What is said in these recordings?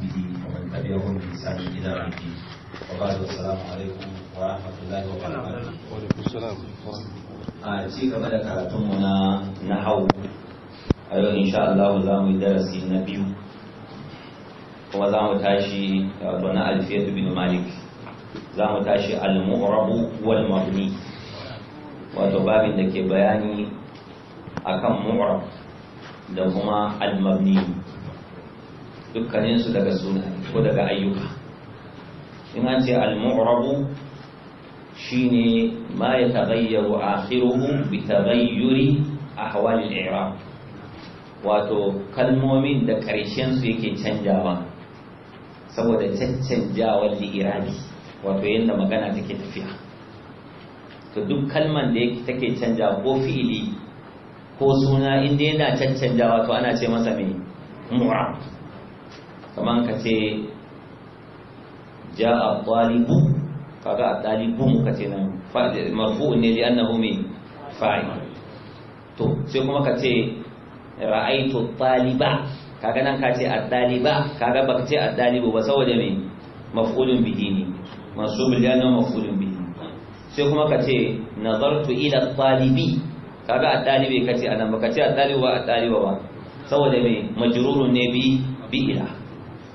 وصحبه ومن تبعهم بإحسان إلى يوم الدين وبعد عليكم ورحمة الله وبركاته. وعليكم السلام a ci gaba da karatunmu na nahawu. a yau insha Allah za mu yi darasi na biyu kuma za mu tashi wato na alfiyat bin malik za mu tashi al-mu'rabu wal mabni wato babin da ke bayani akan mu'rab da kuma al-mabni dukkaninsu daga suna ko daga ayyuka in an ce al-mu'rabu shine ma ya taghayyaru akhiruhu bi taghayyuri ahwal al-i'rab wato kalmomin da karshen su yake canjawa saboda caccanjawar li'irabi wato yadda magana take tafiya to duk kalman da take canja ko fi'ili ko suna inda yana caccanjawa to ana ce masa mai mu'rab kamar ka ce ja a ɗalibu kaga a ɗalibu ka ce nan marfu'un ne li annahu min fa'il to sai kuma ka ce ra'aitu ɗaliba kaga nan ka ce a ɗaliba kaga baka ce a ɗalibu ba saboda me maf'ulun bihi ne masu miliyan zama maf'ulun bihi sai kuma ka ce nazartu ila ɗalibi kaga a ɗalibi ka ce anan baka ce a ɗalibu ba a ɗaliba ba saboda me majrurun ne bi bi ila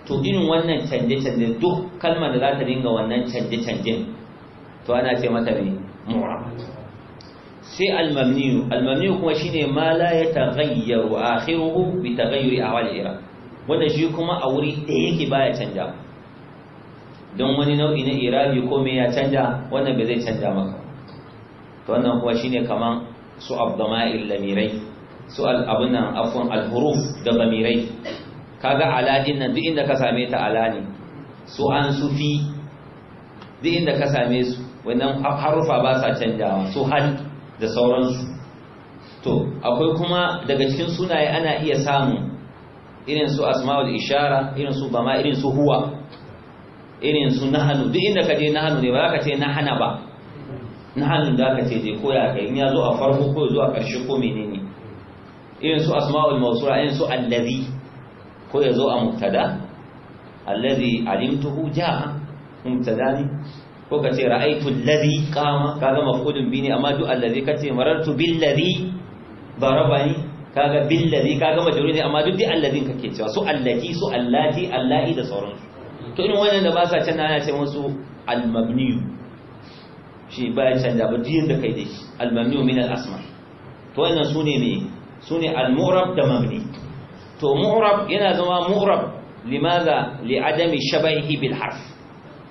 to irin wannan canje-canje duk kalmar da za ta dinga wannan canje-canjen to ana ce mata ne mura sai almamniyu almamniyu kuma shine ma la ya taghayyaru akhiruhu bi taghayyuri awal ira wanda shi kuma a wuri ɗaya yake baya canja don wani nau'i na irabi ko me ya canja wannan bai zai canja maka to wannan kuma shine kaman su abdama'il lamirai su al abunan afwan al huruf da lamirai kaga ala din nan duk inda ka same ta Alani, su an sufi duk inda ka same su wannan harufa ba sa canjawa su hal da sauransu to akwai kuma daga cikin sunaye ana iya samun irin su asma'ul ishara irin su bama irin su huwa irin su nahanu duk inda ka je nahanu ne ba za ka ce nahana ba nahanu da ka ce je ko ya kai in ya zo a farko ko ya zo a ƙarshe ko menene irin su asma'ul mausura irin su allazi ko ya zo a mubtada allazi alimtuhu jaa mubtada ne ko ka ce ra'aitu allazi qama kaga maf'ulun bi ne amma duk allazi kace marartu bil ladhi ka ga bil ladhi kaga majrur ne amma duk di allazin kake cewa su allati su allati allai da sauransu to in wannan da ba sa can ana ce musu al shi ba ya canja ba jin da kai da shi al min al-asma to wannan sune ne, sune al-murab da mabni to mu'rab yana zama mu'rab limaza li'adami shabahi bil harf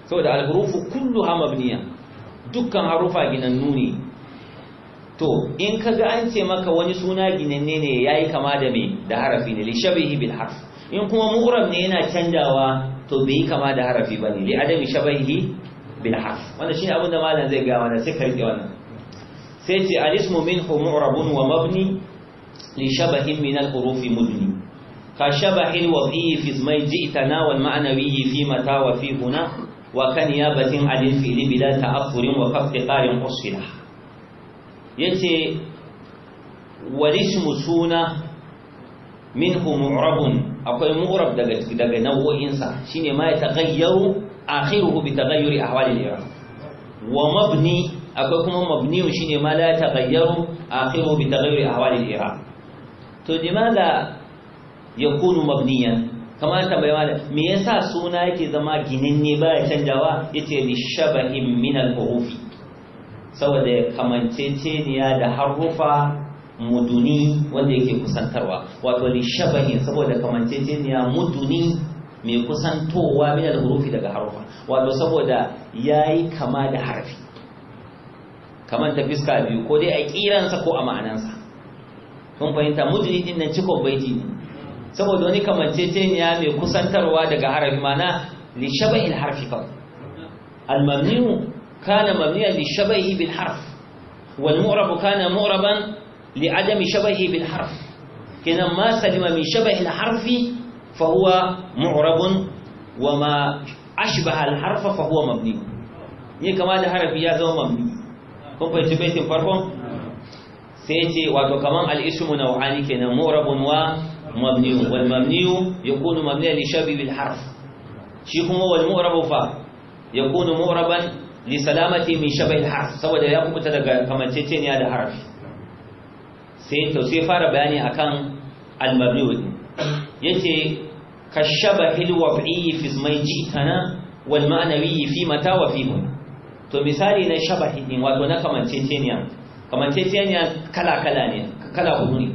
saboda al-hurufu kulluha mabniya dukkan harufa ginannu ne to in kaga an ce maka wani suna ginanne ne yayi kama da me da harafi ne li shabahi bil harf in kuma mu'rab ne yana canjawa to bai kama da harafi bane li adami shabahi bil harf wannan shine abin da malam zai ga mana sai ka rike wannan sai ce al-ismu minhu mu'rabun wa mabni li shabahin min al-hurufi mudni كشبح الوضعي في اسمي جئتنا والمعنوي في متى وفي هنا وكان وكنيابة عن الفئل بلا تأخر وكافتقار أصفله يتي والاسم سونة منه معرب أقول معرب دقى نوع إنسا شيني ما يتغير آخره بتغير أحوال الإعراب ومبني أقول كما مبني شيني ما لا يتغير آخره بتغير أحوال الإعراب تو لماذا yakunu mabniyan kamar bai da me yasa suna yake zama ginin ba baya canjawa yace li shabahin min al saboda ya kamanceceniya da harufa muduni wanda yake kusantarwa wato li shabahin saboda kamanceceniya muduni mai kusantowa min al daga harufa wato saboda yayi kama da harfi kamar ta fiska biyu ko dai a kiransa ko a ma'anansa kun fahimta muduni din nan cikon baiti ne saboda wani kamanceceniya mai kusantarwa daga harafi mana lishabai harfi fa almamniu kana mamniya lishabai bil harf والمعرب كان معربا لعدم شبهه بالحرف كنما ما سلم من شبه الحرف فهو معرب وما اشبه الحرف فهو مبني ني كما ده حرف يا زو مبني كون في بيت فرقم سيتي واتو كمان الاسم نوعان كنا معرب ومبني. مبني والمبني يكون مبنيا لشبه بالحرف شيخ والمؤرب فا يكون مؤربا لسلامة من شبه الحرف سوى ده يقوم تدقى كما تتيني هذا حرف سيتو سيفار بياني أكان المبني يتي كالشبه الوضعي في اسمي جئتنا والمعنوي في متى وفي هنا to misali na shabahi din wato na kamanceceniya kamanceceniya kala kala ne kala hudu ne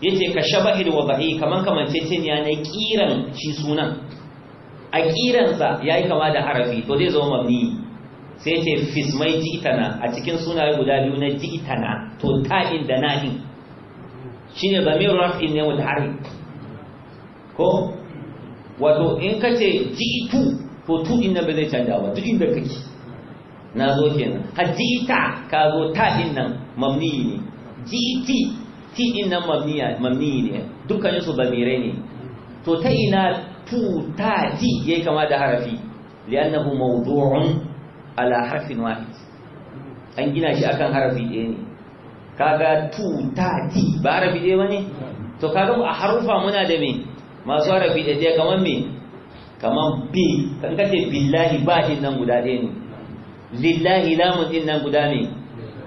yace ka shabahil wada'i kaman kamancecen ya ne kiran shi sunan a kiransa yayi kama da harafi to zai zama mabni sai yace fismai jitana a cikin sunaye guda biyu na jitana to ta'in da na'in shine zamir raf'in ne wal harf ko wato in kace jitu to tu inna ba zai canja ba duk inda kake na zo kenan hajjita ka zo ta din nan mamni ne jiti ti din nan mabniya ne dukkanin su bamire ne to ta ina tu ta ti yi kama da harafi li'annahu mawdu'un ala harfin wahid an gina shi akan harafi ɗaya ne kaga tu ta ti ba harafi ɗaya wani? to kaga a harufa muna da me masu harafi ɗaya kamar me kamar bi kan kace billahi ba shi nan guda ɗaya ne lillahi lamun ɗin nan guda ne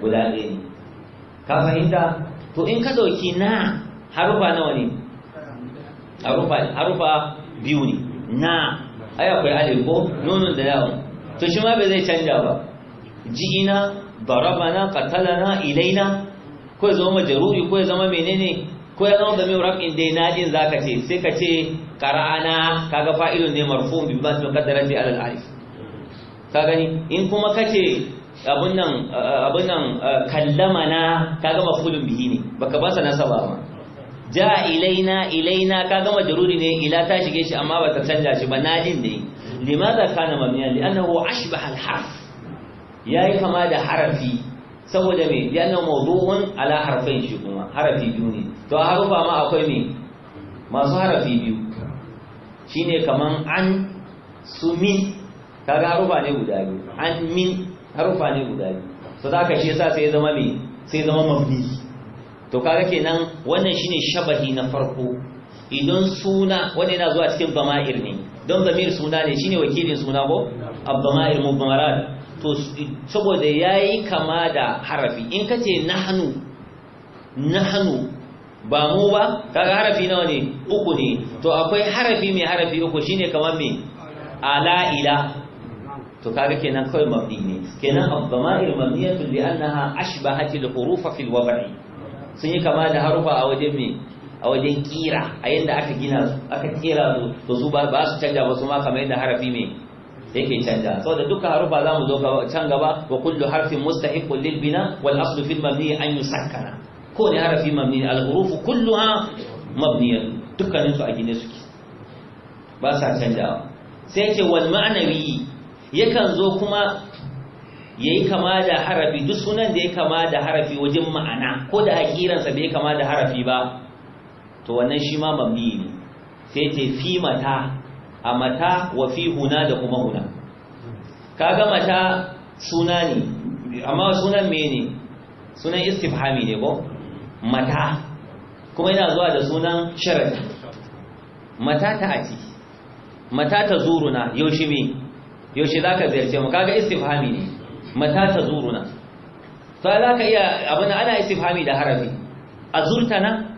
guda ɗaya ne ka fahimta to in ka dauki na harufa nawa ne harufa biyu ne na ai akwai alif ko nunun da yawon to shi ma bai zai canja ba ji'ina darabana qatalana ilaina ko ya zama majaruri ko ya zama menene ko ya zama damir raf'in dai din zaka ce sai ka ce qara'ana kaga fa'ilun ne marfu bi ba su kaddara bi alal alif ka gani in kuma kace abun nan abun nan kallamana kaga mafulun bihi ne baka ba sa nasaba ba ja ilaina ilaina kaga majruri ne ila ta shige shi amma ta canja shi ba najin ne limadha kana mabniya li'annahu ashbaha al-harf yayi kama da harafi saboda me li'annahu mawdu'un ala harfain shi kuma harafi biyu ne to a harufa ma akwai me masu harafi biyu shine kaman an sumin kaga harufa ne guda biyu an min harufa ne guda biyu so za aka shi yasa sai ya zama me sai zama mabni to kaga kenan wannan shine shabahi na farko idan suna wani yana zuwa cikin Bama'ir ne don zamir suna ne shine wakilin suna ko abdama'ir mubamarat to saboda yayi kama da harafi in kace nahnu nahnu ba mu ba kaga harafi nawa ne uku ne to akwai harafi mai harafi uku shine kamar mai? ala ila to kaga kenan kawai mabni ne kenan ad-dama'ir mabniyatun li'annaha ashbahat al-huruf fi al-wad'i sun yi kama da harufa a wajen me a wajen kira a yanda aka gina su aka kira su to su ba su canja ba su ma kamar yadda harafi me yake canja saboda duka harufa za mu zo can gaba wa kullu harfin mustahiqqun lil bina wal aslu fil mabni an yusakkana ko ne harafi mabni al-huruf kulluha mabniyatun dukkanin su a gine suke ba sa canjawa sai ce wal ma'anawi yakan zo kuma yayi kama da harafi duk sunan da ya kama da harafi wajen ma'ana ko da hakiransa bai kama da harafi ba to wannan shi ma mamni ne sai ce fi mata a mata wa fi huna da kuma huna kaga mata suna ne amma sunan me ne? sunan istifhami ne ko mata kuma yana zuwa da sunan sharadi mata ta ati mata ta zuruna yaushe me yaushe za ka ziyarce mu kaga istifhami ne mata ta zuruna fa za ka iya abin ana istifhami da harafi a zurtana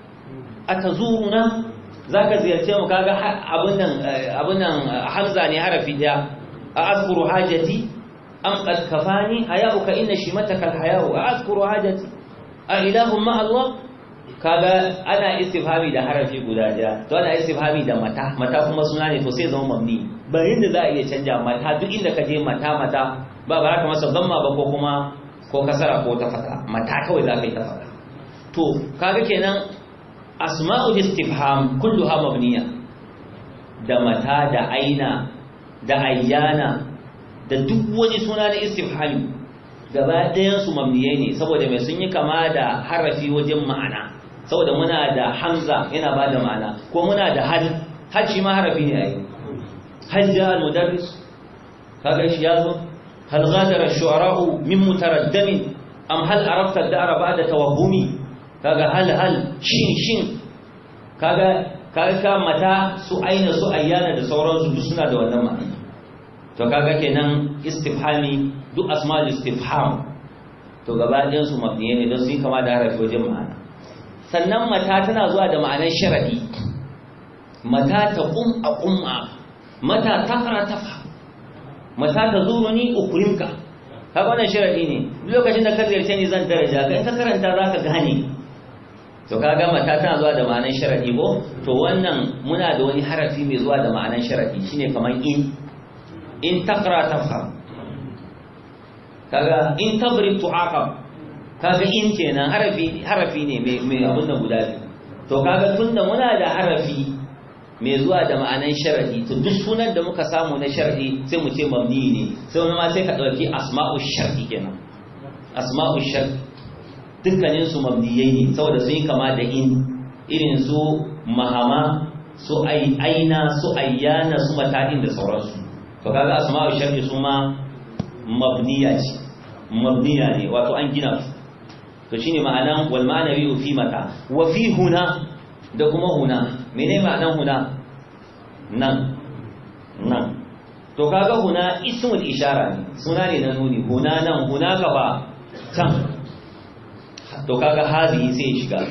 a ta zuruna za ka ziyarce mu kaga eh, abin nan hamza ne harafi daya a askuru hajati am qad kafani hayauka inna shimataka alhayau a askuru hajati a ilahun ma kaga ana istifhami da harafi guda ɗaya to ana istifhami da mata mata kuma suna ne to sai zama mamni ba yadda za a iya canja mata duk inda ka je mata mata ba ba ka masa zama ba ko kuma ko kasara ko ta fata mata kawai za ka yi ta fata to kaga kenan asma'ul istifham kulluha mabniya da mata da aina da ayyana da duk wani suna na istifhami gaba ɗayan su ne saboda mai sun yi kama da harafi wajen ma'ana saboda muna da hamza yana ba da ma'ana ko muna da Hajji. ma harafi ne a yi هل جاء المدرس هذا ايش يازم هل غادر الشعراء من متردم ام هل عرفت الدار بعد توهمي kaga hal hal shin shin kaga kaga mata su aina su ayyana da sauransu duk suna da wannan ma'ana to kaga kenan istifhami duk asma'ul istifham to gaba ɗayan su mabniye ne don su yi kama da harafi wajen ma'ana sannan mata tana zuwa da ma'anar sharadi mata ta kum a qumma mata tafara tafa mata ta zuru ni ukrimka ka wannan sharadi ne lokacin da ka ziyarce ni zan daraja ka in ka karanta zaka gane to kaga mata tana zuwa da ma'anar sharadi ko to wannan muna da wani harafi mai zuwa da ma'anar sharadi shine kamar in in taqra tafham kaga in tabrib tu'aqab kaga in kenan harafi harafi ne mai abin da guda to kaga tunda muna da harafi mai zuwa da ma'anan sharadi to duk sunan da muka samu na sharadi sai mu ce mabni ne sai wani ma sai ka dauki asma'u sharadi kenan asma'u sharadi dukkanin su mabniyai ne saboda sun yi kama da in irin su mahama su aina su ayyana su mata'in da sauransu to kaga asma'u sharadi su ma mabniya ce mabniya ne wato an gina su to shine ma'anan wal ma'anawi fi mata wa fi huna da kuma huna mene ma'anan huna nan nan to kaga huna ismul ishara ne suna ne na nuni huna nan huna gaba can to kaga hazi sai shiga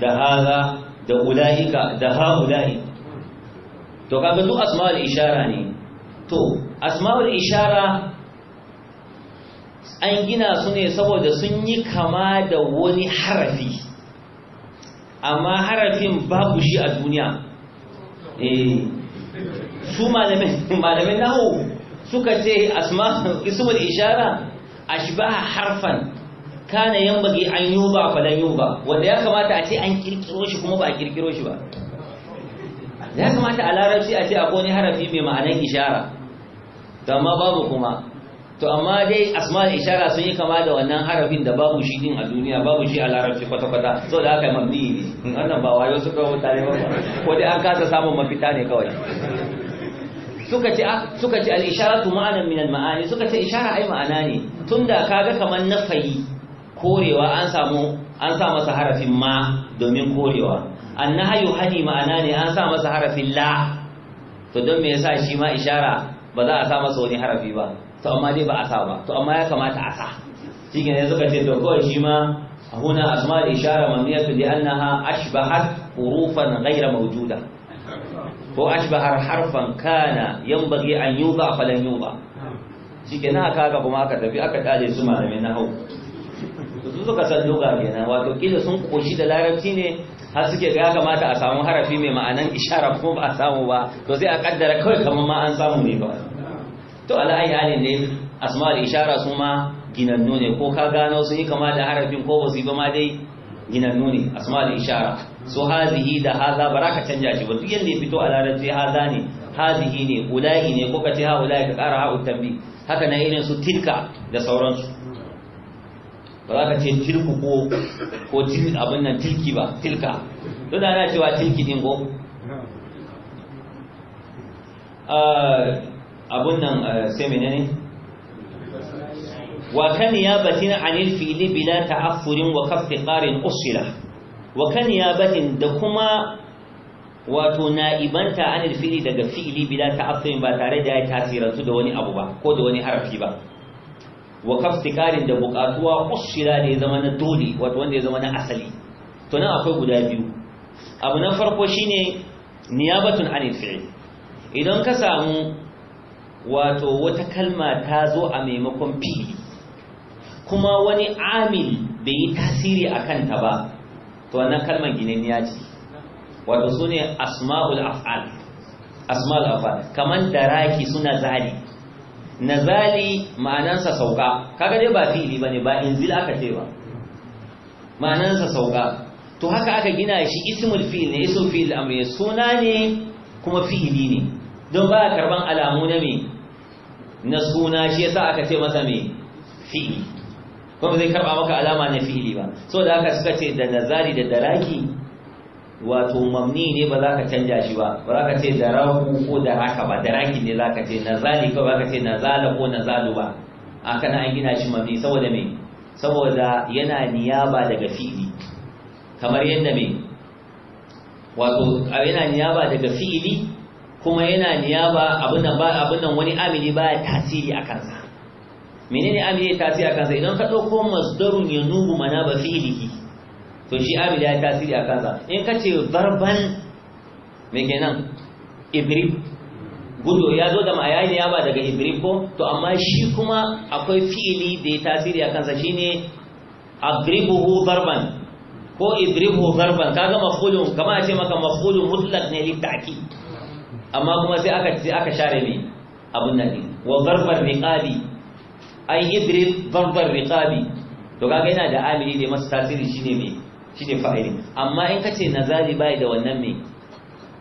da haza da ulaika da ha ulai to kaga duk asma'ul ishara ne to asma'ul ishara an gina su ne saboda sun yi kama da wani harafi amma harafin babu shi a duniya eh, su malamin nahu suka ce ismul ishara ashbaha harfan kana bagi an yuba falan yuba wanda ya kamata a ce an kirkiro shi kuma ba a kirkiro shi ba ya kamata a larabci a ce akwai wani harafi mai ma'anar ishara amma babu kuma to amma dai asma ishara sun yi kama da wannan harafin da babu shi din a duniya babu shi a larabci kwata-kwata so da aka yi mafi ne wannan ba wayo suka mutane ba ko dai an kasa samun mafita ne kawai suka ce ah, suka ce al-isharatu ma'anan min al-ma'ani suka ce ishara ai ma'ana ne tunda kaga kaman nafayi korewa an samu an sa masa harafin ma domin korewa annahayu hani ma'ana ne an sa masa harafin la to don me yasa shi ma ishara ba za a sa masa wani harafi ba to amma dai ba a sa ba to amma ya kamata a sa shi ne suka ce to kawai shi ma a huna asma da ishara mamiyatu da an naha ashbahar hurufan gaira mawujuda ko ashbahar harfan kana yan bagi an yi ba a falon ba shi ke na aka kuma aka tafi aka tare su malamin na hau su suka san doga kenan wato kila sun koshi da larabci ne har suke ga ya kamata a samu harafi mai ma'anan ishara kuma ba a samu ba to zai a kaddara kawai kamar ma an samu ne ba to ala'ayi halin ne asma'ul ishara su ma ginannu ne ko ka gano su yi kama da harafin ko ba su yi ba ma dai ginannu ne asma'ul ishara so hazihi da haza ba ka canja shi ba duk yanda ya fito a larabci haza ne hazihi ne ula'i ne ko ka ce ha ula'i ka kara ha tambi haka na irin su tilka da sauransu ba za ka ce tilku ko ko abin nan tilki ba tilka da ana cewa tilki din ko ah, abun nan eh, sai menene wa kan ya batin anil fi'li bila ta'affurin wa kaffi qarin usila wa kan ya batin da kuma wato na'ibanta anil fi'li daga fi'li bila ta'affurin ba tare da ya tasirantu da wani abu ba ko da wani harfi ba wa kafsikarin da buƙatuwa ushira da ya zama na dole wato wanda ya zama na asali to nan akwai guda biyu abu na farko shine niyabatun anil fi'l idan ka samu wato wata kalma ta zo a maimakon fi'li kuma wani amil bai yi tasiri a kanta ba to wannan kalmar ginanniya ce wato su ne asma'ul af'al asma'ul af'al daraki suna zari nazali ma'anansa sauka kaga dai ba fi'ili bane ba inzil aka ce ba ma'anansa sauka to haka aka gina shi ismul fi'il ne ismul fi'il amri suna ne kuma fi'ili ne don ba karban alamu na me na suna shi yasa aka ce masa me fi'ili kuma zai karba maka alama na fi'ili ba saboda da haka suka ce da nazali da daraki wato mamni ne ba za ka canja shi ba ba za ka ce da rahu ko da raka ba da ne za ka ce na zali ko ba ka ce na zala ko na zalu ba a kana an gina shi mamni saboda me saboda yana niyaba daga fi'ili kamar yadda me wato yana niyaba daga fi'ili kuma yana niyaba abin nan ba abin nan wani amili baya tasiri a kansa menene amili tasiri a kansa idan ka dauko masdarun yanubu manaba fi'ilihi to shi amil ya tasiri a kansa in ka ce zarban me kenan ibrim gudu ya zo da ne ya ba daga ibrim ko to amma shi kuma akwai fi'ili da ya tasiri a kansa shine adribuhu zarban ko idribuhu zarban kaga maf'ulun kama a ce maka maf'ulun mutlak ne li amma kuma sai aka sai aka share ne abun nan ne wa zarbar riqabi ai idrib zarbar riqabi to kaga yana da amili da masu tasiri shine mai shine fa'ili amma in kace nazari bai da wannan me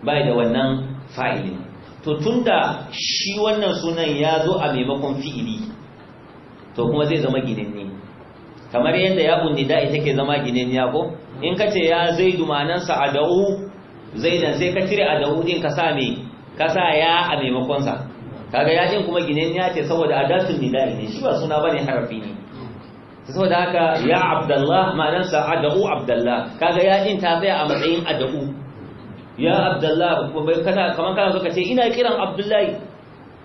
bai da wannan fa'ili to tunda shi wannan sunan ya zo a maimakon fi'ili to kuma zai zama ginanne kamar yadda ya bunni da'i take zama ginanne ko in kace ya zai a manansa adau dan sai ka cire adau din ka sa me ka sa ya a maimakon sa kaga ya din kuma ginanne ce saboda adatun nida'i ne shi ba suna bane harafi ne saboda haka ya abdullah ma'anansa ad'u abdullah kaga ya din ta tsaya a matsayin ad'u ya abdullah kamar kana ka ce ina kiran abdullahi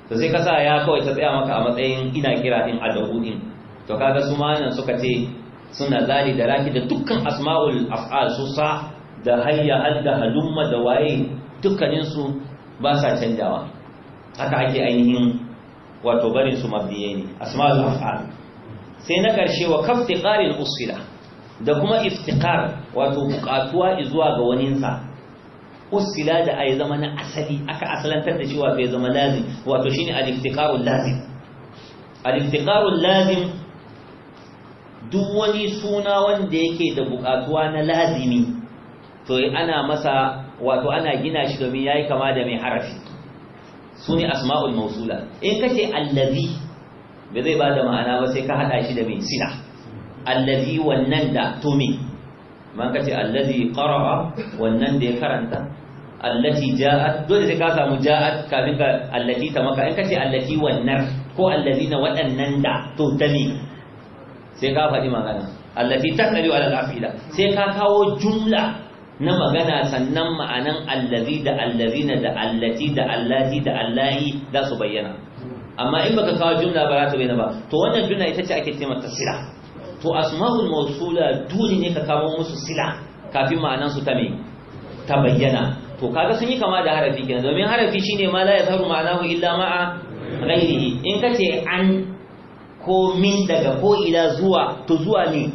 to sai kasa ya kawai ta tsaya maka a matsayin ina kira din ad'u din to kaga su ma nan suka ce suna zali da raki da dukkan asma'ul af'al su sa da hayya hadda halumma da waye dukkaninsu ba sa canjawa haka ake ainihin wato barin su mabdiye asma'ul af'al sai na ƙarshe wa kafti ƙarin usila da kuma iftikar wato buƙatuwa zuwa ga waninsa usila da a yi zama na asali aka asalantar da shi wato ya zama lazim wato shine al-iftiqarul lazim al lazim duk wani suna wanda yake da buƙatuwa na lazimi to ana masa wato ana gina shi domin yi kama da mai harafi sune asma'ul Mausula. in kace allazi ba zai ba da ma'ana ba sai ka haɗa shi da mai sila allazi wannan da to me. man ka ce allazi qara'a wannan da ya karanta allati ja'at dole sai ka samu ja'at kafin ka allati ta maka in ka ce allati wannan ko allazi na waɗannan da to ta me. sai ka faɗi magana allati taqali wa al-afila sai ka kawo jumla na magana sannan ma'anan allazi da allazina da allati da allati da allahi za su bayyana amma in baka kawo jumla ba za ta bayyana ba to wannan jumla ita ce ake ce mata sila to asma'ul mawsula dole ne ka kawo musu sila kafin ma'anan su ta me ta bayyana to kaga sun yi kama da harafi kenan domin harafi shine ma la yazharu ma'anahu illa ma'a ghairihi in ka ce an ko min daga ko ila zuwa to zuwa ne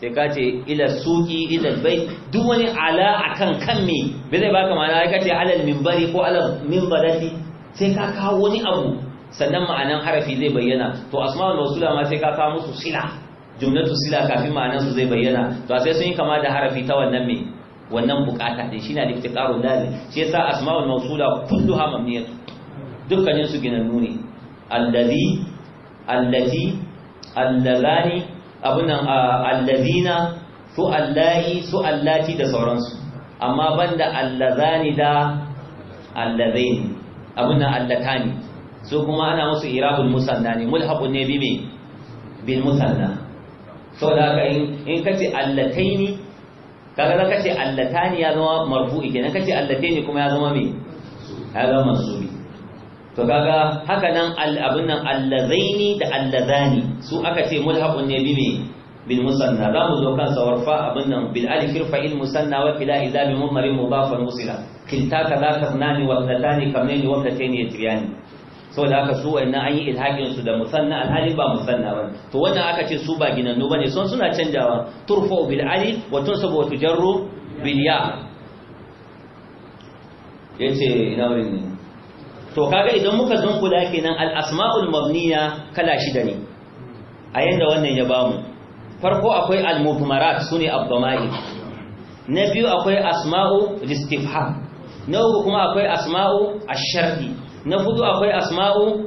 sai ka ce ila suki ila bai duk wani ala akan kan me bai zai baka ma'ana ka ce alal minbari ko alal minbarati sai ka kawo wani abu sannan ma'anan harafi zai bayyana to asma'ul mawsula ma sai ka kawo musu sila jumlatu sila kafin ma'anan su zai bayyana to sai sun yi kama da harafi ta wannan me wannan bukata din shine al-iftiqarul lazim shi yasa asma'ul mawsula kulluha mamniyatu dukkanin su ginannu ne allazi allati allazani abunan allazina su allahi su allati da sauransu amma banda allazani da allazaini abunan allatani su kuma ana musu irabul musanna ne mulhaqun ne bi me bil musanna saboda haka in in kace allataini kaga da kace allatani ya zama marfu'i kenan kace allataini kuma ya zama me ya zama mansubi to kaga haka nan al abun nan allazaini da allazani su aka ce mulhaqun ne bi me bil musanna za mu zo kan sawarfa abin nan bil alif rfa'il musanna wa bila idza bi mudmar mudafan musila kilta kadha kathnani wa ibnatani kamnani wa ibnatani yatriyani Sau da haka su wayannan an yi ilhakin su da musanna alhali ba musanna ba to wannan aka ce su ba ginannu ne, son suna canjawa turfa'u bil alif wa tunsabu wa tujarru bil ya yace ina wurin ne to kaga idan muka dunkula kenan al asma'ul mabniya kala shida ne a yadda wannan ya bamu farko akwai al mudmarat sune abdamai na biyu akwai asma'u listifham na uku kuma akwai asma'u ash na hudu akwai asma'u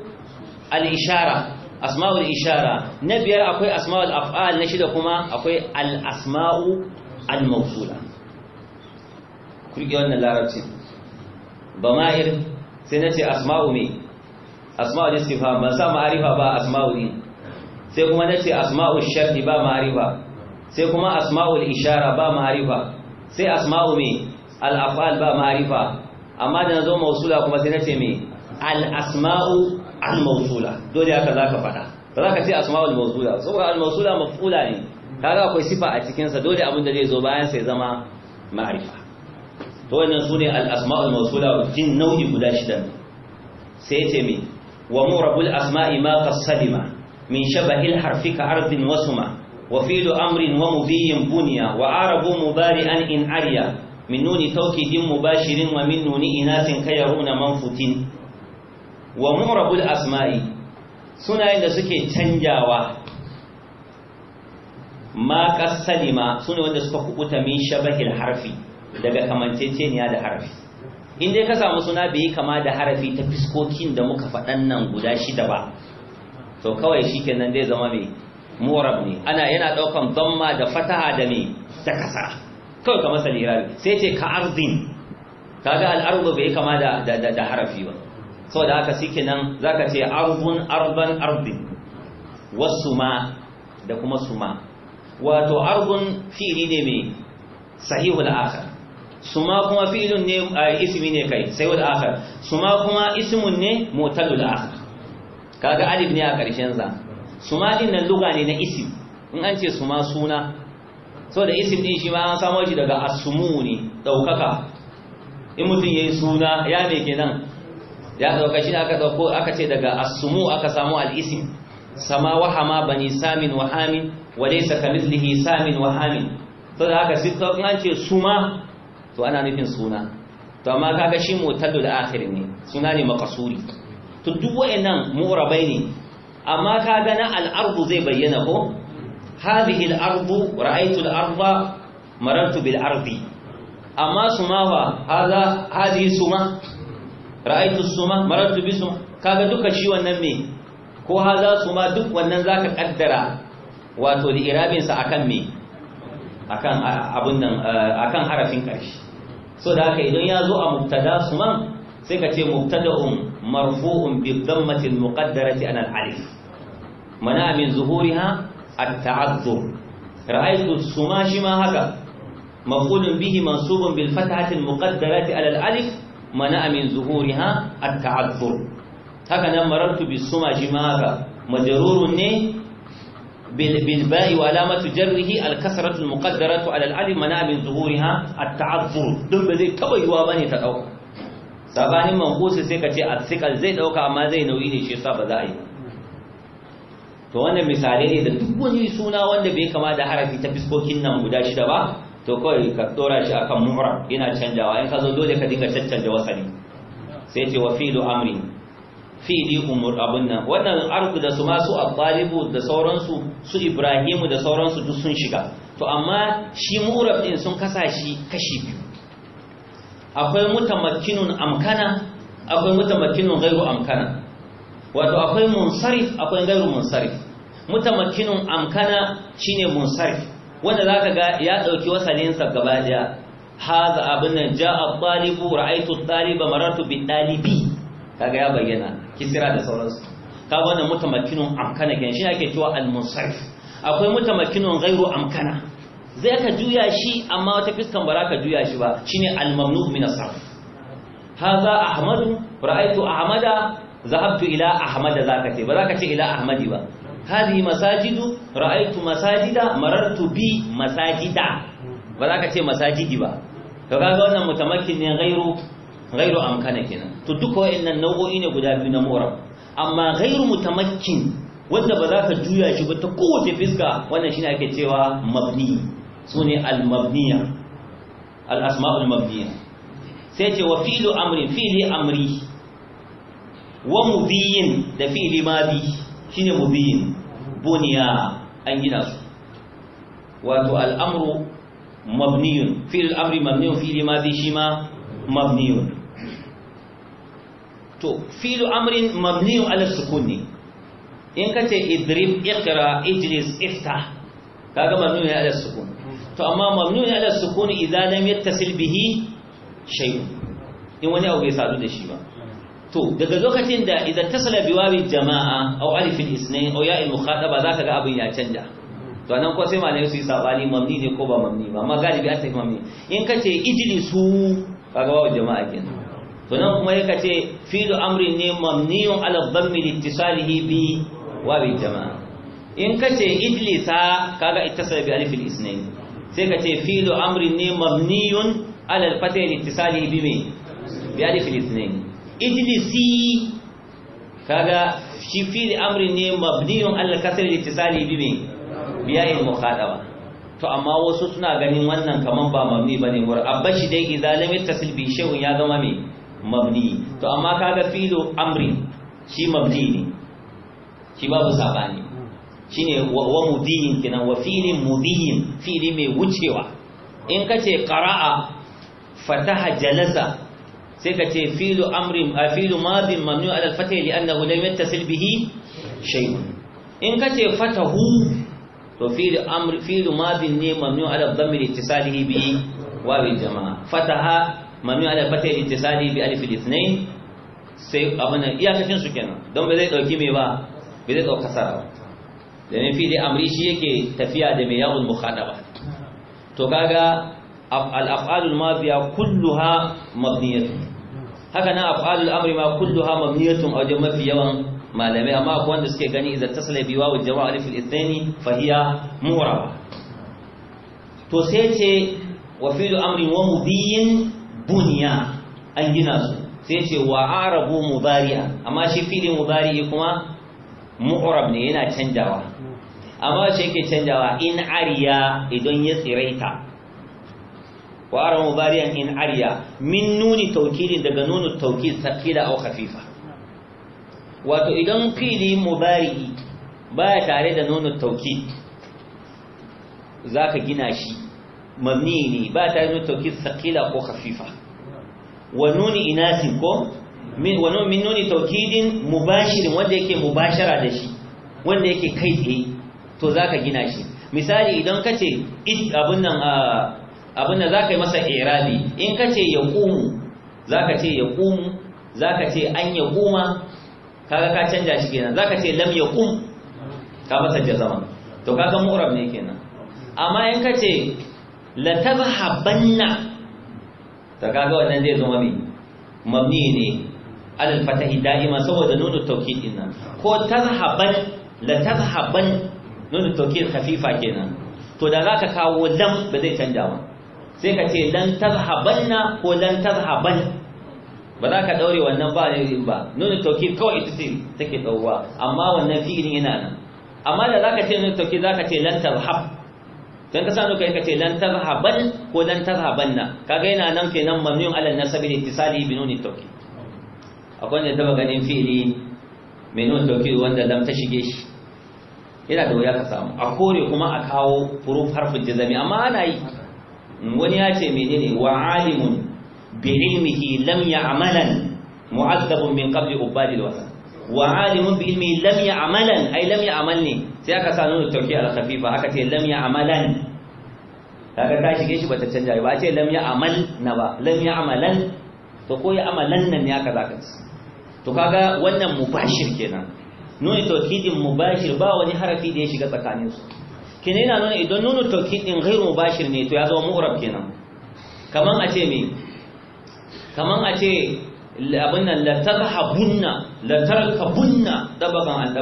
al-ishara asma'u al-ishara na biyar akwai asma'u al-af'al na shida kuma akwai al-asma'u al-mawsula kurge wannan larabci bama'ir sai nace asma'u me asma'u al-istifham ban sa ma'arifa ba asma'u ne sai kuma nace asma'u al-sharti ba ma'arifa sai kuma asma'u al-ishara ba ma'arifa sai asma'u me al-af'al ba ma'arifa amma da nazo mawsula kuma sai nace me al-asma'u al-mawsula dole haka za ka faɗa ba za ka ce asma'u al-mawsula saboda al-mawsula maf'ula ne kaga akwai sifa a cikinsa, dole abin da zai zo bayan sai zama ma'rifa to wannan sune al-asma'u al-mawsula jin nau'i guda shida sai ce me wa murabul asma'i ma qasadima min shabahil harfika ardin wasuma وفيل أمر ومضي بنيا وعرب مبارئا إن عريا من نون توكيد مباشر ومن نون إناث كيرون منفت wa mu'rabul asma'i sunayen da suke canjawa ma kasalima sune wanda suka kubuta min shabahil harfi daga kamanceceniya da harfi in dai ka samu suna bai kama da harfi ta fiskokin da muka faɗan nan guda shida ba to kawai shikenan zai zama mai mu'rab ne ana yana ɗaukan zama da fataha da mai ta kasa kawai kamar salirabi sai ce ka arzin kaga al-ardu bai kama da harafi ba Sau da haka shi nan, za ka ce arzun arban arzi wasu ma da kuma su ma, wato arzun fili ne mai sahihul su ma kuma filin ne a eh, isimi ne kai sahihu sahihul su ma kuma ismun ne mutalul akhar kaga alif ne a ƙarshen za suma din nan luga ne na isim in an ce su ma suna da isim din shi ma an samo shi daga asumu ne ɗaukaka, in mutum ya yi suna ya me kenan ya dauka shi aka dauko aka ce daga asumu aka samu al-ism sama wa hama bani samin wa hamin wa laysa kamithlihi samin wa hamin to da haka sittau an ce suma to ana nufin suna to amma kaga shi mutadul akhir ne suna ne maqsuri to duk wayannan mu'rabai ne amma kaga na al-ardu zai bayyana ko hadhihi al-ardu ra'aytu al-arda marartu bil-ardi amma sumawa hadha hadhihi suma ra'aitu suma marartu bisum kaga duka shi wannan me ko haza suma duk wannan zaka kaddara wato da irabin sa akan me akan abun nan akan harafin karshe so da haka idan ya zo a mubtada suma sai ka ce mubtada'un marfu'un bi dhammati al-muqaddarati ala al-alif mana min zuhuriha at-ta'azzur ra'aitu suma shi ma haka maf'ulun bihi mansubun bil fathati al-muqaddarati ala al-alif mana'a min zuhuriha at-ta'azzur haka nan marattu bis suma jimaga majrurun ne bil ba'i wa alamatu jarrihi al-kasratu al-muqaddaratu 'ala al-alif mana'a min zuhuriha at-ta'azzur dun ba zai taba yuwa bane ta dauka sabanin manqus sai kace at-thiqal zai ɗauka amma zai nauyi ne shi yasa ba za a yi to wannan misali ne da duk wani suna wanda bai kama da harafi ta fiskokin nan guda shida ba to kawai ka dora shi akan muhra yana canjawa in ka zo dole ka dinga caccanja wasali sai ce wa fi'lu amri fi'li umur abun nan wannan arku da su ma su at da sauransu su ibrahimu da sauransu duk sun shiga to amma shi mu'rab din sun kasa shi kashi biyu akwai mutamakkinun amkana akwai mutamakkinun ghairu amkana wato akwai munsarif akwai gairu munsarif mutamakkinun amkana shine munsarif wanda zaka ga ya dauki wasalinsa gaba daya haza abin nan ja'a talibu ra'aytu taliba marartu bi talibi kaga ya bayyana kisira da sauransu ka wannan mutamakkinun amkana kenan shi ake cewa al-munsarif akwai mutamakkinun ghairu amkana zai ka juya shi amma wata fiskan ba ka juya shi ba shine al-mamnu min as-sarf haza ahmadu ra'aitu ahmada zahabtu ila ahmada zaka ce ba zaka ce ila ahmadi ba hadhihi masajidu ra'aytu masajida marartu bi masajida ba za ka ce masajidi ba to kaga wannan mutamakkin ne ghairu ghairu amkana kenan to duka wayannan nau'o'i ne guda biyu na mu'rab amma ghairu mutamakkin wanda ba za ka juya shi ba ta kowace fiska wannan shine ake cewa mabni sune al-mabniya al-asma'ul mabniya sai ce wa amri fi'li amri wa da fi'li madi shine mubiyin buniya an gina su wato al'amru mabniyun fi'il amri mabniyun fili ma madhi shi ma mabniyun to fi'il amrin mabniyun ala sukuni in ka ce idrib iqra ijlis ifta kaga mabniyun ala sukun to amma mabniyun ala sukun idan lam yattasil bihi shay'un in wani abu bai sadu da shi ba to daga lokacin da idan tasala biwawi jama'a aw alifin isnain aw ya'il mukhataba zaka ga abin ya canja to anan ko sai malai su yi sabani mamni ne ko ba mamni ba amma galibi an sai mamni in kace ijlisu kaga wawu jama'a kenan to nan kuma yaka ce fi'lu amrin ne mamniyun ala dhammi littisalihi bi wawi jama'a in kace ijlisa kaga ittasala bi alifin isnain sai kace fi'lu amrin ne mamniyun ala al-fatih littisalihi bi bi alifin isnain ijlisi kaga shi fil amri ne mabniyun Allah kasar ittisali bi me biya mukhadaba to amma wasu suna ganin wannan kaman ba mabni bane abba abashi dai idza lam yattasil bi shay'un ya zama me mabni to amma kaga filu amri shi mabni ne shi babu sabani shine wa mudihin kenan wa fi'lin mudihin fi'li mai wucewa in kace qara'a fataha jalasa سيكتي فيل امر آه، فيل ماض ممنوع على الفتح لانه لم يتصل به شيء ان كتي فتح تو فيل امر فيل ماض ممنوع على الضم لاتصاله به واو الجماعه فتح ممنوع على الفتح لاتصاله بالف الاثنين سي ابنا يا كشن سكن دوم بيد او كيمي با بيد او كسر لان فيل امر شيء كي تفيا دمي يا المخاطبه تو كاغا الافعال الماضيه كلها مبنيه haka na af'alul amri ma kulluha mabniyatun a jama mafi yawan malamai amma akwai wanda suke gani idan tasala bi wawu jama'a alif al-ithani fa hiya muraba to sai ce wa fi'lu amrin wa mubiyin bunya an gina su sai ce wa arabu mudari'a amma shi fi'li mudari'i kuma mu'rab ne yana canjawa amma shi yake canjawa in ariya idan ya tsiraita wa ara mubariyan in ariya min nuni taukidin daga nunu taukid sakila aw khafifa wato idan fili mubari baya tare da nunu taukid zaka gina shi mabni ba tare da nunu taukid sakila ko khafifa wa nuni inasin ko wa nuni min nuni taukidin mubashirin wanda yake mubashara da shi wanda yake kai tsaye to zaka gina shi misali idan kace abun nan ah, abin da zaka yi masa irabi in ka ce ya kumu, za ka ce ya kumu, za ka ce an ya kuma, kaga ka canja shi kenan ka ce lam ya kum ka masa jazama to kaga mu'rab ne kenan amma in ka ce la tadhhabanna to kaga wannan zai zama me mabni ne alal fatahi da'ima saboda nunu tawkid din nan ko tadhhaban la tadhhaban nunu tawkid khafifa kenan to da za ka kawo lam ba zai canja ba sai ka ce lan tazhabanna ko lan tazhaban ba za ka daure wannan ba ne ba nuna tauki kawai ita ce take dauwa amma wannan fi'ilin yana nan amma da za ka ce nuna tauki za ka ce lan tazhab dan ka sanu kai ka ce lan tazhaban ko lan tazhabanna kaga yana nan kenan mamnun ala nasabi ittisali bi nuni tauki akwai ne taba ganin fi'ili mai nuna tauki wanda lam ta shige shi yana da wuya ka samu a kore kuma a kawo furuf harfin jazami amma ana yi wani ya ce menene wa alimun bi lam ya amalan mu'azzabun min qabli ubadil wasa wa alimun bi lam ya amalan ai lam ya'mal ne sai aka sa nuna tauki al khafifa aka ce lam amalan kaga ta shige shi bata canja ba a ce lam amal na ba lam amalan? to ko ya amalan nan ne aka zaka ci to kaga wannan mubashir kenan nuna tauhidin mubashir ba wani harafi da ya shiga tsakaninsu kene yana nuna idan nunu taukid din ghairu mubashir ne to ya zama mu'rab kenan kaman a ce me kaman a ce abin nan la bunna, la tarka tarkabunna dababan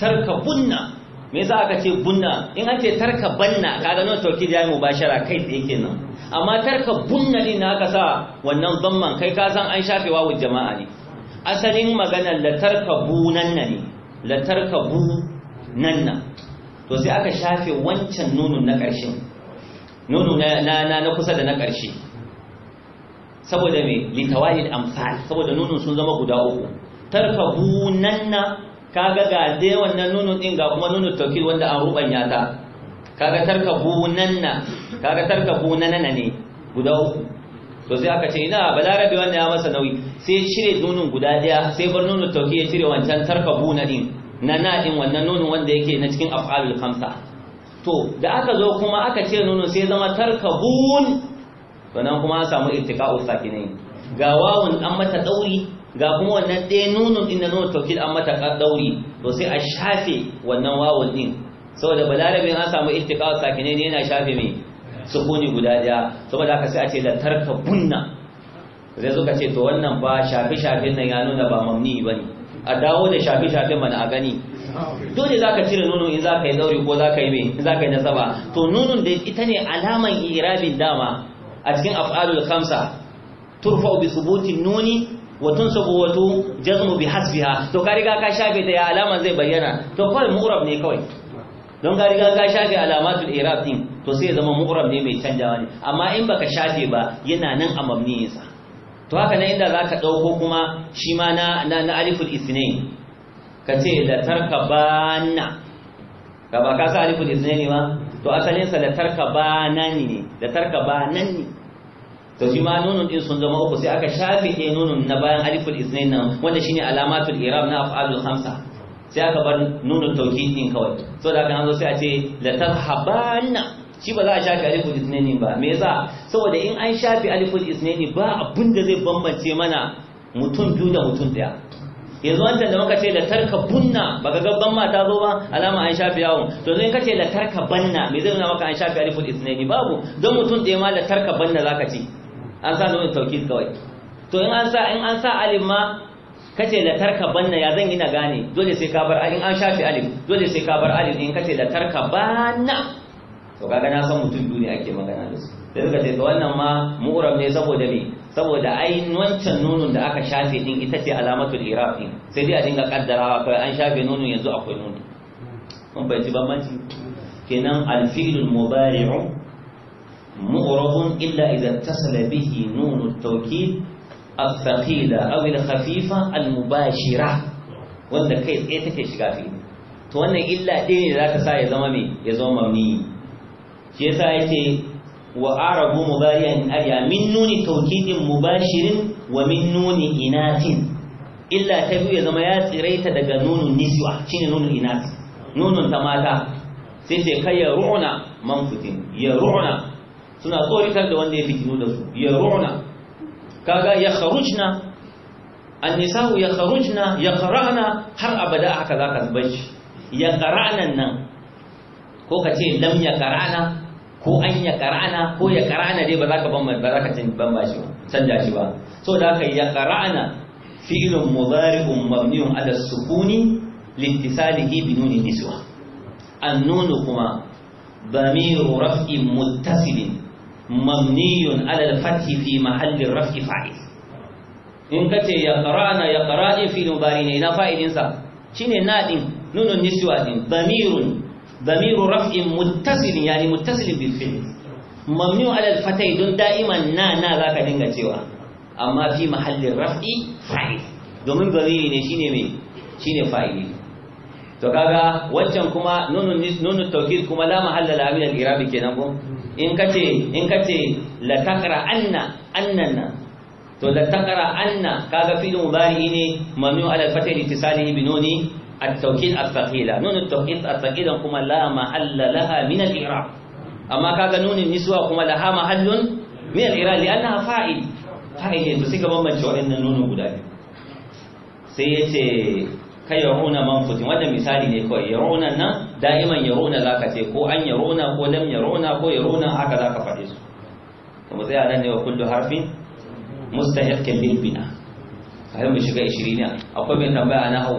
tarka bunna!" me yasa aka ce bunna in an ce tarka banna kaga nan tauki da mu bashara kai tsaye kenan amma tarka bunna din na aka sa wannan zamman kai ka san an shafe wawu jama'a ne asalin maganar la tarka bunanna ne la tarka bunanna to sai aka shafe wancan nunun na ƙarshen nunu na kusa da na ƙarshe saboda mai litawalil amsal saboda nunun sun zama guda uku tarkabu nanna kaga ga dai wannan nunun din ga kuma nunun tawkil wanda an rubanya ta kaga tarkabu nanna kaga tarkabu nanana ne guda uku to sai aka ce ina balarabe wanda ya masa nauyi sai cire nunun guda daya sai bar nunun tauki ya cire wancan bu na din na na'in wannan nunin wanda yake na cikin af'alul khamsa to da aka zo kuma aka ce nunun sai zama tarkabun sannan kuma an samu irtiqa'u sakinain ga wawun an mata dauri ga kuma wannan ɗaya nunun na nunun taukid an mata dauri to sai a shafe wannan wawun din saboda balarabin an samu irtiqa'u ne yana shafe mai sukuni guda daya saboda aka sai a ce la tarkabunna zo ka ce to wannan ba shafe-shafen nan ya nuna ba mamni ba ne a dawo da shafe-shafe mana a gani dole za ka cire nono in za ka yi zauri ko za ka yi mai za ka yi nasaba to nunun da ita ne alaman irabin dama a cikin af'alul khamsa turfa bi subutin nuni wa tunsabu wa tu jazmu bi hasbiha to ka riga ka shafe ta ya alaman zai bayyana to kawai mu'rab ne kawai don ka riga ka shafe alamatul irab din to sai ya zama mu'rab ne mai canjawa ne amma in baka shafe ba yana nan a mabniyinsa to haka nan inda zaka dauko kuma shi ma na na, na aliful isnain kace la tarkabanna ka ba ka sa aliful isnain ma. to asalin sa la tarkabanani ne la tarkabanani to shi ma nunun din sun zama uku sai aka shafe ɗaya nunun na bayan aliful isnain nan wanda shine alamatul i'rab na af'alul khamsa sai aka bar nunun tawkid din kawai so da haka an zo sai a ce la tarhabanna shi ba za a shafi aliful isnaini ba me yasa saboda in an shafi aliful isnaini ba abin da zai bambance mana mutum biyu da mutum daya yanzu wancan da muka ce la tarka bunna baka ga ban mata zo ba alama an shafi yawon to zai kace la tarka banna me zai nuna maka an shafi aliful isnaini babu don mutum daya ma la tarka banna zaka ce an sa nuna tawkid kawai to in an sa in an sa alif ma kace la tarka banna ya zan yi na gane dole sai ka bar in an shafi alif dole sai ka bar alif in kace la tarka banna to kaga na san mutum biyu ne ake magana da su sai suka ce to wannan ma mu'rab ne saboda me saboda ai wancan nunun da aka shafe din ita ce alamatul iraq din sai dai a dinga kaddarawa kai an shafe nunun yanzu akwai nunu mun bai ci bambanci kenan alfilul mudari'u mu'rabun illa idza tasala bihi nunut tawkid الثقيلة أو الخفيفة المباشرة wanda kai tsaye take shiga fili to wannan illa ɗaya ne za ta sa ya zama me ya zama mamni shi yasa yake wa arabu mubariyan arya min nuni tawkidin mubashirin wa min nuni inatin illa ta biyu ya zama ya tsiraita daga nunun niswa shine nunun inat nunun ta mata sai sai kai ya ru'una manfutin ya ru'una suna tsoritar da wanda ya fitinu da su ya ru'una kaga ya kharujna Annisahu ya kharujna ya qara'na har abada haka zaka zubar shi ya qara'na nan ko ka ce lam ya qara'na ko an ya qara'ana ko ya qara'ana dai ba za ka bamba ba za ka bamba shi ba shi ba so da haka ya qara'ana filin mudari'un mamniyun ala sukuni liittisalihi bi nuni niswa an nuna kuma bamiru رفع متصل مبني على الفتح في محل الرفع فاعل in ka ce ya ƙara'ana ya ƙara'in filin bari ne na fa'idinsa shi ne naɗin nunan niswa din bamirun. ضمير رفع متصل يعني متصل بالفعل ممنوع على الفتي دون دائما نا نا ذاك دينغا cewa amma fi mahallin raf'i fa'il domin zamiri ne shine me to kaga wancan kuma nunun nunun tawkid kuma la mahalla la min al-i'rab kenan in kace in kace la taqra to la taqra anna kaga fi'il mudari ne mamnu ala al-fatih litisalihi at-tawkid as-saqila nun at-tawkid kuma la mahalla laha min al amma kaga nunin niswa kuma laha mahallun min al-i'rab li'annaha fa'il fa'il ne to sai ka nunin guda biyu sai yace kai yaruna manfutin wannan misali ne kawai yaruna nan da'iman yaruna zaka ce ko an yaruna ko lam yaruna ko haka su kuma sai anan kullu harfin mustahiqqin lil bina sai mu shiga 20 ne akwai mai tambaya na hau.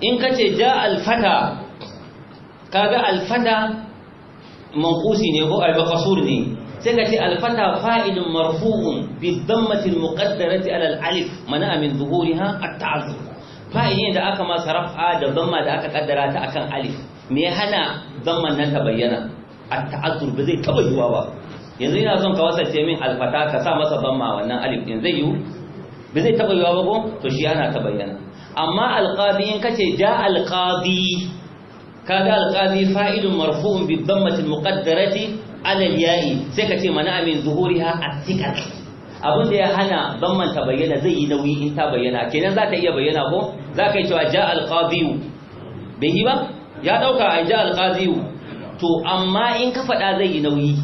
in ka ce ja alfata ka ga alfata manqusi ne ko ai maqsur ne sai ka ce alfata fa'idun marfu'un bi dhammati almuqaddarati ala alif mana min dhuhuriha at-ta'azzur fa'ilin da aka masa raf'a da dhamma da aka kaddara ta akan alif me ya hana dhamman nan ta bayyana A taazzur ba zai taba zuwa ba yanzu ina son ka wasance min alfata ka sa masa dhamma wannan alif din zai yi ba zai taba yiwa ba ko to shi ana ta bayyana amma alqadi in ce ja alqadi kaga alqadi fa'ilun marfu'un bi dhammati almuqaddarati ala alya'i sai ce mana min zuhuriha har thiqal abin da ya hana dhamman bayyana zai yi nauyi in ta bayyana kenan zaka iya bayyana ko zaka yi cewa ja alqadi bai yi ba ya ɗauka a ja alqadi to amma in ka faɗa zai yi nauyi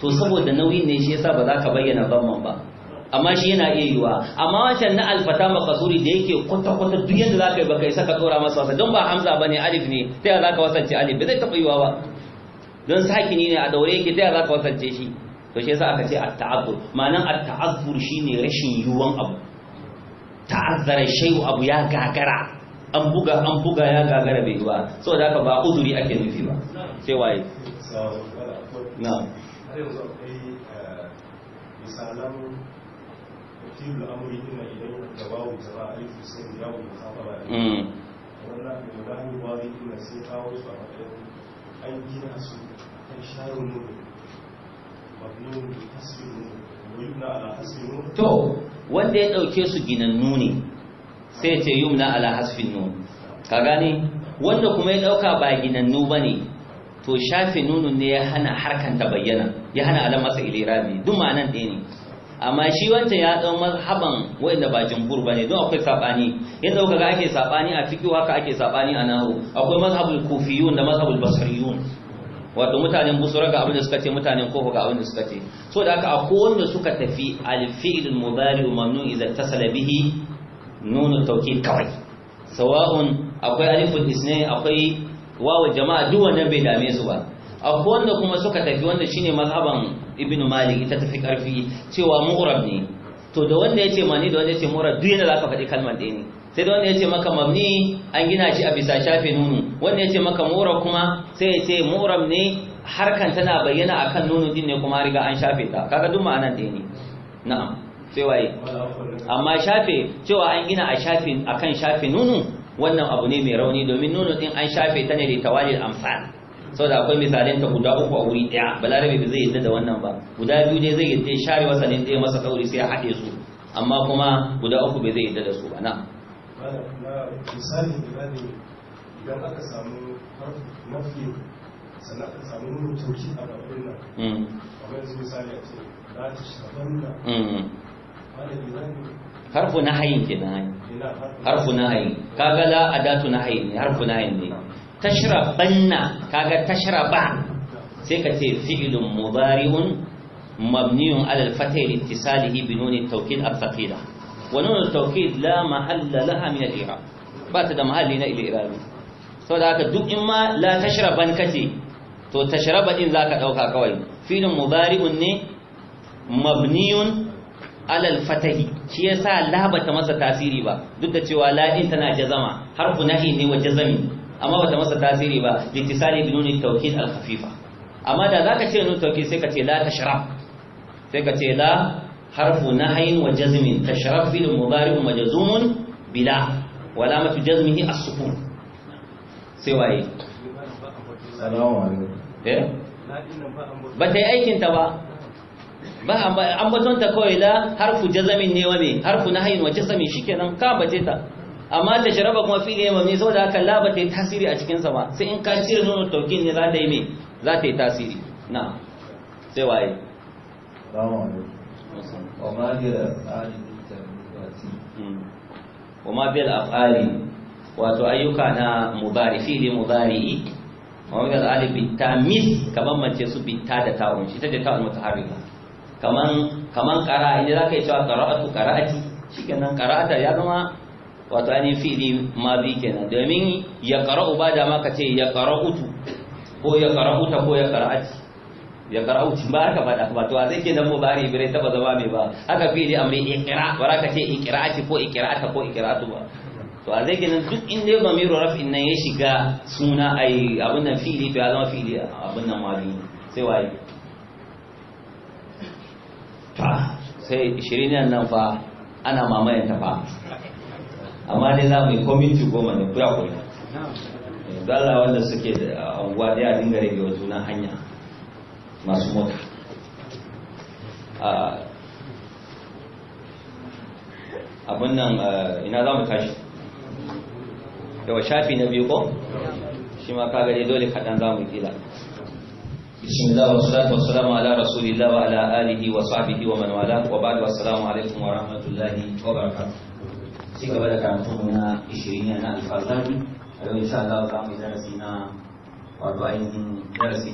to saboda nauyin ne shi yasa ba za ka bayyana dhamman ba amma shi yana iya yiwa amma wancan na alfata makasuri da yake kwata kwata duk yadda za ka yi baka isa ka tsora masa wasa don ba hamza ba ne alif ne ta za ka wasance alif ba zai taɓa yiwa ba don sakini ne a daure yake ta za ka wasance shi to shi yasa aka ce a taazzur ma'anan at-ta'azzur shine rashin yiwuwan abu ta'azzara shay'u abu ya gagara an buga an buga ya gagara bai yiwa saboda haka ba uzuri ake nufi ba sai waye na'am eh, misalan ina idan da babu ba wannan da ba ina sai kawo su a matsayin an gina su kan ala to wanda ya dauke su ginannu ne sai ce yumna ala hasfin nun ka gane wanda kuma ya dauka ba ginannu ne to shafi nunun ne ya hana harkan ta bayyana ya hana alamasa ilirabi duk ma'anan ɗaya ne amma shi wancan ya ɗau mazhaban wanda ba jumhur bane don akwai saɓani. yadda kuka ga ake saɓani a fiqh haka ake saɓani a nahu akwai mazhabul kufiyun da mazhabul basriyun wato mutanen busura ga abin da suka ce mutanen kofa ga abin da suka ce so da haka akwai wanda suka tafi al-fi'l al-mudari mamnun idza tasala bihi nunu tawkid kawai sawa'un akwai alifun isnai akwai wawu jama'a duk wannan bai dame su ba akwai wanda kuma suka tafi wanda shine mazhaban ibn malik ita tafi karfi cewa mu'rab ne to da wanda yace mani da wanda yace mu'rab duk yana zaka faɗi kalmar da ne sai da wanda yace maka mabni an gina shi a bisa shafe nunu wanda yace maka mu'rab kuma sai yace mu'rab ne harkan tana bayyana akan nunu din ne kuma riga an shafe ta kaga duk ma'anar da ne na'am sai waye amma shafe cewa an gina a shafe akan shafe nunu wannan abu ne mai rauni domin nunu din an shafe ta ne da tawalil amsal saboda akwai misalin ta guda uku a wuri daya balarabe ba zai yadda da wannan ba guda biyu dai zai yadda share masa ne masa kauri sai ya haɗe su amma kuma guda uku bai zai yadda da su ba na misali idan aka samu mafi sannan aka samu nuna a gabanin nan hmm. kamar yanzu misali a ce za ta hmm. harfu na hayin ke na hayin harfu na hayin kagala datu na hayin ne harfu na hayin ne tashrabanna kaga tashraba sai ka ce fi'lun mudari'un mabniun ala al-fatha li bi nun at-tawkid al-thaqila wa nun at-tawkid la mahalla laha min al-i'rab ba ta da mahalli na al-i'rab saboda haka duk in ma la tashraban kace to tashraba din zaka dauka kawai fi'lun mudari'un ne mabniun alal fatahi shi yasa la bata masa tasiri ba duk da cewa la din tana jazama harfu nahi ne wa jazami amma bata masa tasiri ba littisali bi nuni tawkid al khafifa amma da zaka ce nuni tawkid sai ka ce la tashrab sai ka ce la harfu nahyin wa jazmin tashrab fil mudari majzumun bila wa lamatu jazmihi as sukun sai waye Salamu alaikum eh ba ta yi aikin ta ba ba ambaton ta kawai la harfu jazamin ne wa me harfu nahyin wa jazmin shikenan ka bace ta amma da sharaba kuma fi ne mami saboda haka la ba ta yi tasiri a cikin sama sai in ka cire nono tauki ne za ta yi mai za ta yi tasiri na sai waye wa ma bil af'ali hmm. wato ayyuka na mudari fi'li mudari wa ma bil af'ali mis kamar mace su bitta da ta'un shi ta da ta'un mutaharrika kaman kaman kara inda za ka yi cewa kara'ati shi kenan kara'ata ya zama wato ainihin fi'li bi kenan domin ya qara'u uba da ma ka ce ya utu, ko ya uta ko ya aci, ya uci ba aka ba da ba to a zai kenan mubari bare ta ba zama mai ba haka fi'li amri ikira ba ka ce aci, ko iqra'ata ko atu ba to a zai nan duk inda mamiru raf'in nan ya shiga suna yi abin nan fi'li to ya zama fi'li abin nan bi sai waye sai 20 nan fa ana mamayen ta fa amma dai za mu yi kwamiti goma ne kura kuri eh, dala wanda suke da anguwa dai a dinga rage wasu na hanya masu mota abin nan ina za mu tashi yawa shafi na biyu ko shi ma kaga dai dole kaɗan za mu kila بسم الله والصلاة والسلام على رسول الله وعلى آله وصحبه ومن والاه وبعد والسلام عليكم ورحمة الله وبركاته ci gaba kami karatunmu na ishirin na alfazari a yau insha Allah za dari yi darasi